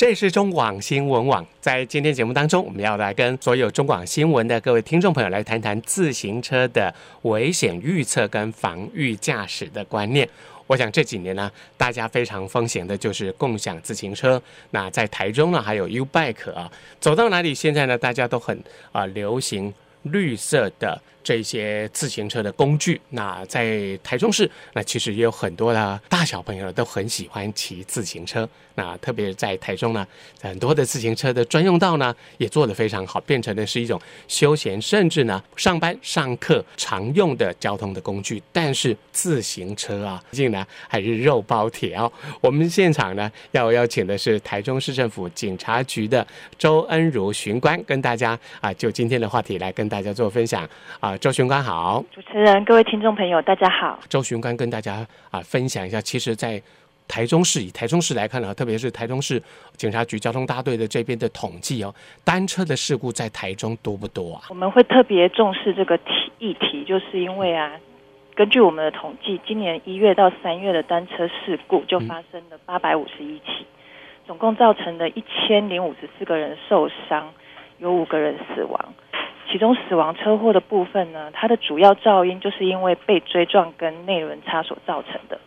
這是中廣新聞網，在今天節目當中，我們要來跟所有中廣新聞的各位聽眾朋友來談談自行車的危險預測跟防禦駕駛的觀念。我想這幾年呢，大家非常風行的就是共享自行車。那在台中呢，還有 U Bike 啊，走到哪裡，現在呢，大家都很啊、呃、流行綠色的。這些自行車的工具，那在台中市，那其實也有很多的大小朋友都很喜歡騎自行車。那特別是在台中呢，很多的自行車的專用道呢也做得非常好，變成的是一種休閒，甚至呢上班、上課常用的交通的工具。但是自行車啊，畢竟呢還是肉包鐵哦。我們現場呢要邀請的是台中市政府警察局的周恩如巡官，跟大家啊就今天的話題來跟大家做分享啊。啊，周巡官好！主持人、各位聽眾朋友，大家好。周巡官跟大家啊分享一下，其實，在台中市以台中市來看的話，啊，特別是台中市警察局交通大隊的這邊的統計哦，單車的事故在台中多不多啊？我們會特別重視這個議題，就是因為啊、嗯，根據我們的統計，今年一月到三月的單車事故就發生了八百五十一起，總共造成了一千零五十四個人受傷，有五個人死亡。其中死亡車禍的部分呢，它的主要肇因就是因為被追撞跟內輪差所造成的。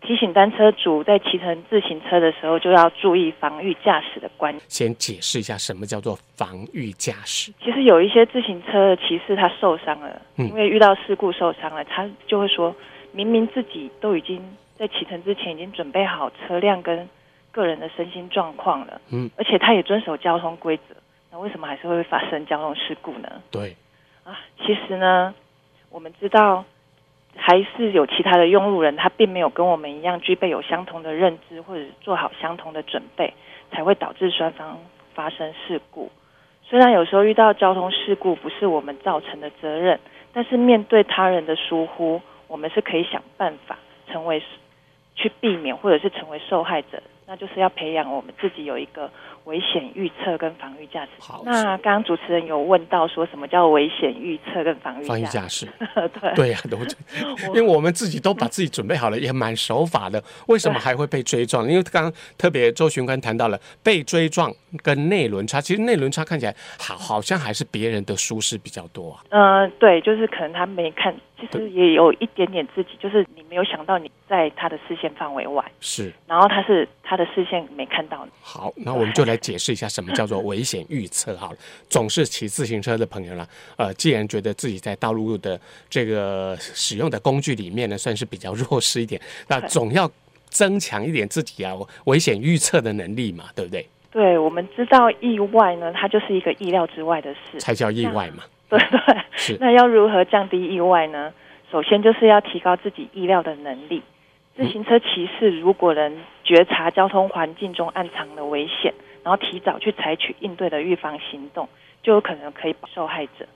提醒單車主在騎乘自行車的時候就要注意防禦駕駛的觀念。先解釋一下什麼叫做防禦駕駛。其實有一些自行車騎士他受傷了，嗯，因為遇到事故受傷了，他就會說明明自己都已經在啟程之前已經準備好車輛跟個人的身心狀況了，嗯，而且他也遵守交通規則。為什麼還是會發生交通事故呢？對，啊，其實呢，我們知道還是有其他的用路人，他並沒有跟我們一樣具備有相同的認知或者做好相同的準備，才會導致雙方發生事故。雖然有時候遇到交通事故不是我們造成的責任，但是面對他人的疏忽，我們是可以想辦法成為去避免，或者是成為受害者。那就是要培養我們自己有一個危險預測跟防御駕駛。好。那剛剛主持人有問到說什麼叫危險預測跟防御駕駛？防禦駕駛 對、啊、 對呀、啊，都因為我們自己都把自己準備好了， 也蠻守法的，為什麼還會被追撞？啊、因為剛剛特別周巡官談到了被追撞跟內輪差，其實內輪差看起來好好像還是別人的舒適比較多啊。嗯、呃，對，就是可能他沒看。其實也有一點點自己，就是你沒有想到你在他的視線範圍外，是，然後他是他的視線沒看到。好，那我們就來解釋一下什麼叫做危險預測好。好 總是騎自行車的朋友呢、啊，呃，既然覺得自己在道路的這個使用的工具裡面呢，算是比較弱勢一點，那總要增強一點自己啊危險預測的能力嘛，對不對？對，我們知道意外呢，它就是一個意料之外的事，才叫意外嘛。對對，那要如何降低意外呢？首先就是要提高自己意料的能力。自行車騎士如果能覺察交通環境中暗藏的危險，然後提早去採取應對的預防行動，就有可能可以保受害者。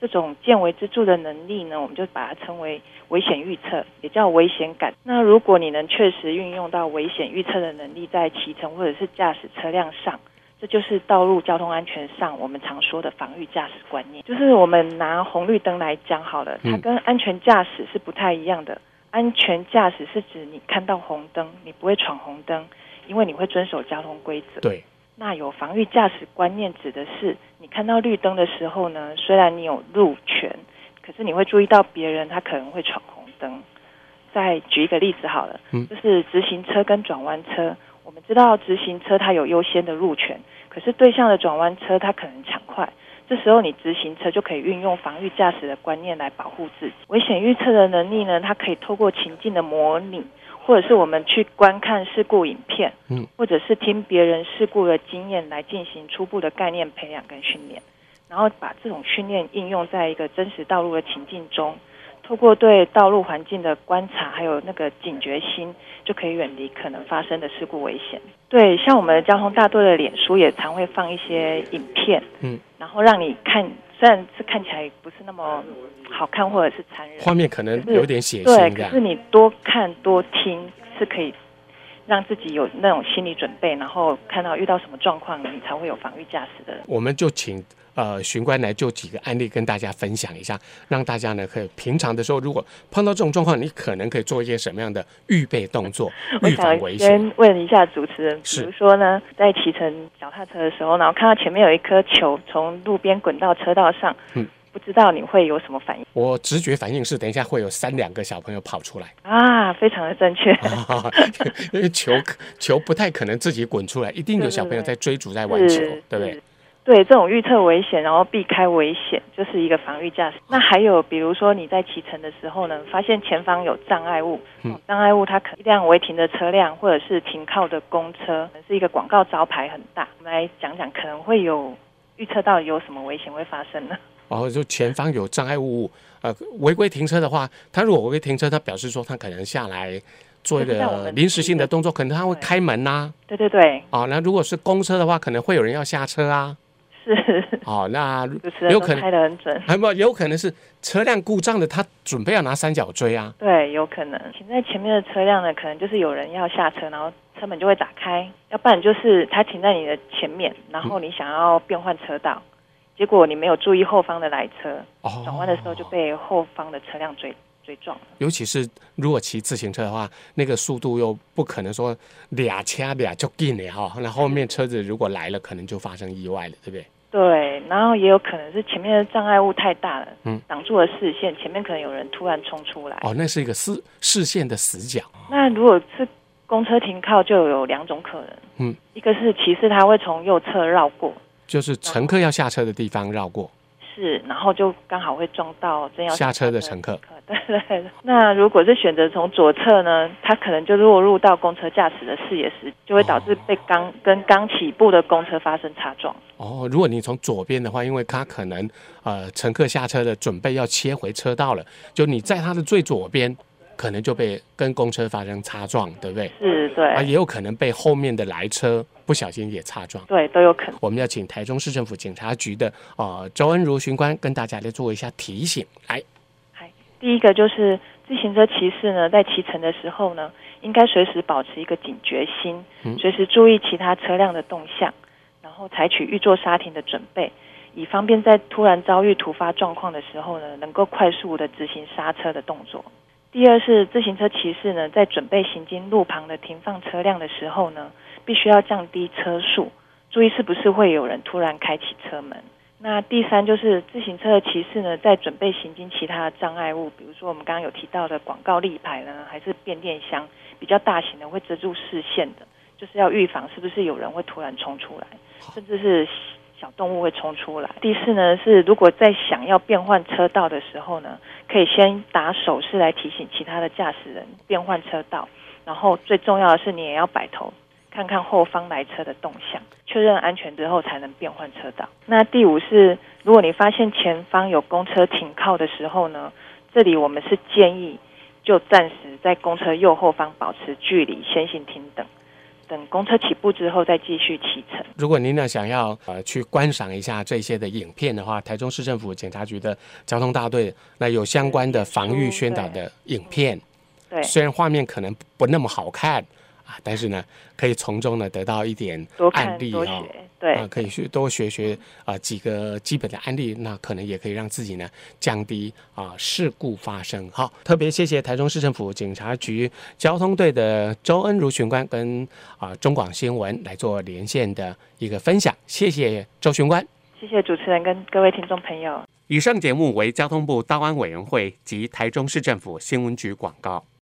這種見微知著的能力呢，我們就把它稱為危險預測，也叫危險感。那如果你能確實運用到危險預測的能力，在騎乘或者是駕駛車輛上。這就是道路交通安全上我們常說的防禦駕駛觀念，就是我們拿紅綠燈來講好了，它跟安全駕駛是不太一樣的。安全駕駛是指你看到紅燈，你不會闖紅燈，因為你會遵守交通規則。對。那有防禦駕駛觀念，指的是你看到綠燈的時候呢，雖然你有路權，可是你會注意到別人他可能會闖紅燈。再舉一個例子好了，就是直行車跟轉彎車。我們知道直行車它有優先的路權，可是對向的轉彎車它可能搶快，這時候你直行車就可以運用防御駕駛的觀念來保護自己。危險預測的能力呢，它可以透過情境的模擬，或者是我們去觀看事故影片，嗯，或者是聽別人事故的經驗來進行初步的概念培養跟訓練，然後把這種訓練應用在一個真實道路的情境中。透過對道路環境的觀察，還有那個警覺心，就可以遠離可能發生的事故危險。對，像我們交通大隊的臉書也常會放一些影片，嗯，然後讓你看，雖然是看起來不是那麼好看或者是殘忍，畫面可能有點血腥。對，可是你多看多聽是可以讓自己有那種心理準備，然後看到遇到什麼狀況，你才會有防禦駕駛的。我們就請。呃，巡官來就幾個案例跟大家分享一下，讓大家呢可以平常的時候，如果碰到這種狀況，你可能可以做一些什麼樣的預備動作？預防危險。我想先問一下主持人，比如說呢，在騎乘腳踏車的時候呢，我看到前面有一顆球從路邊滾到車道上，嗯，不知道你會有什麼反應？我直覺反應是，等一下會有三兩個小朋友跑出來啊，非常的正確。 啊、因為球球不太可能自己滾出來，一定有小朋友在追逐在玩球，對不對？對，這種預測危險，然後避開危險，就是一個防禦駕駛。那還有，比如說你在騎乘的時候呢，發現前方有障礙物，障礙物它可能一輛違停的車輛，或者是停靠的公車，可能是一個廣告招牌很大。我們來講講，可能會有預測到有什麼危險會發生呢？然後、哦、就前方有障礙物，呃，違規停車的話，他如果違規停車，他表示說他可能下來做一個臨時性的動作，可能他會開門吶、啊。對對對。啊、哦，那如果是公車的話，可能會有人要下車啊。是哦，那有可能開得很準，還不有可能是車輛故障的，他準備要拿三角錐啊。對，有可能停在前面的車輛呢，可能就是有人要下車，然後車門就會打開；要不然就是他停在你的前面，然後你想要變換車道、嗯，結果你沒有注意後方的來車，轉、哦、彎的時候就被後方的車輛追追撞。尤其是如果騎自行車的話，那個速度又不可能說倆掐倆就近了哈，那後面車子如果來了，可能就發生意外了，對不對？對，然後也有可能是前面的障礙物太大了，嗯，擋住了視線，前面可能有人突然衝出來。哦，那是一個視視線的死角。那如果是公車停靠，就有兩種可能，嗯，一個是騎士他會從右側繞過，就是乘客要下車的地方繞過。是，然後就剛好會撞到正要下車的乘客。對對對，那如果是選擇從左側呢，他可能就落入到公車駕駛的視野時，就會導致被剛、哦、跟剛起步的公車發生擦撞。哦，如果你從左邊的話，因為他可能呃，乘客下車的準備要切回車道了，就你在他的最左邊。嗯可能就被跟公車發生擦撞，對不對？是，對啊，也有可能被後面的來車不小心也擦撞，對，都有可能。我們要請台中市政府警察局的啊、呃，周恩如巡官跟大家來做一下提醒。來，來第一個就是自行車騎士呢，在騎乘的時候呢，應該隨時保持一個警覺心，嗯，隨時注意其他車輛的動向，然後採取預做剎停的準備，以方便在突然遭遇突發狀況的時候呢，能夠快速的執行剎車的動作。第二是自行車騎士呢，在準備行經路旁的停放車輛的時候呢，必須要降低車速，注意是不是會有人突然開啟車門。那第三就是自行車的騎士呢，在準備行經其他的障礙物，比如說我們剛剛有提到的廣告立牌呢，還是變電箱比較大型的會遮住視線的，就是要預防是不是有人會突然衝出來，甚至是。小動物會衝出來。第四呢是，如果在想要變換車道的時候呢，可以先打手勢來提醒其他的駕駛人變換車道。然後最重要的是，你也要擺頭看看後方來車的動向，確認安全之後才能變換車道。那第五是，如果你發現前方有公車停靠的時候呢，這裡我們是建議就暫時在公車右後方保持距離，先行停等。等公車起步之後，再繼續啟程。如果您呢想要呃去觀賞一下這些的影片的話，台中市政府警察局的交通大隊那有相關的防禦宣導的影片，對，嗯、對，雖然畫面可能不那麼好看。但是呢，可以從中呢得到一點案例哦，對、呃，可以多學學啊、呃、幾個基本的案例，那、呃、可能也可以讓自己呢降低啊、呃、事故發生。好，特別謝謝台中市政府警察局交通隊的周恩如巡官跟啊、呃、中廣新聞來做連線的一個分享，謝謝周巡官，謝謝主持人跟各位聽眾朋友。以上節目為交通部道安委員會及台中市政府新聞局廣告。